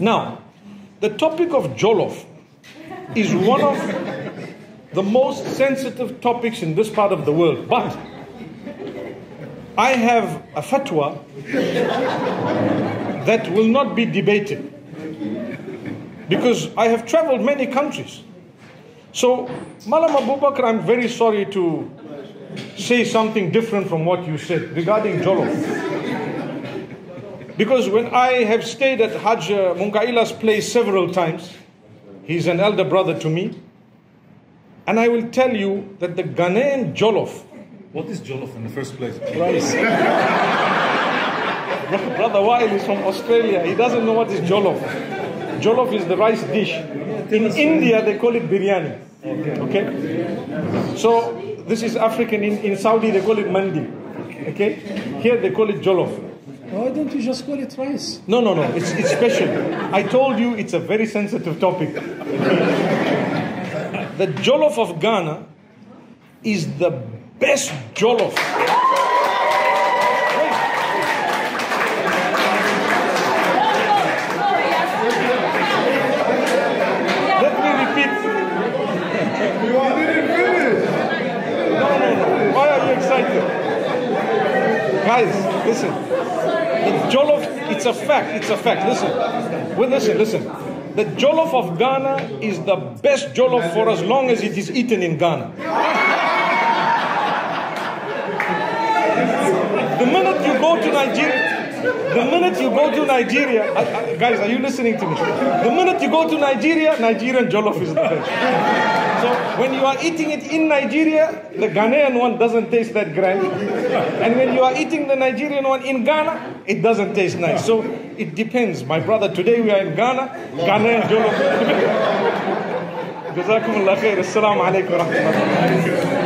Now, the topic of Jolof is one of the most sensitive topics in this part of the world. But I have a fatwa that will not be debated because I have traveled many countries. So, Malam Abu Bakr, I'm very sorry to say something different from what you said regarding Jolof. Because when I have stayed at Hajj uh, Munkaila's place several times, he's an elder brother to me, and I will tell you that the Ghanaian jollof. What is jollof in the first place? Rice. brother Wael is from Australia. He doesn't know what is jollof. Jollof is the rice dish. In India, they call it biryani. Okay? So, this is African. In, in Saudi, they call it mandi. Okay? Here, they call it jollof. Why don't you just call it rice? No, no, no. It's, it's special. I told you it's a very sensitive topic. the jollof of Ghana is the best jollof. Why are you excited, Guys, listen jollof, it's a fact, it's a fact. Listen, well, listen, listen. The jollof of Ghana is the best jollof for as long as it is eaten in Ghana. The minute you go to Nigeria, the minute you go to Nigeria, uh, uh, guys, are you listening to me? The minute you go to Nigeria, Nigerian jollof is the best. So when you are eating it in Nigeria, the Ghanaian one doesn't taste that great, and when you are eating the Nigerian one in Ghana, it doesn't taste nice. So it depends. My brother, today we are in Ghana, Ghanaian jollof. جزاكم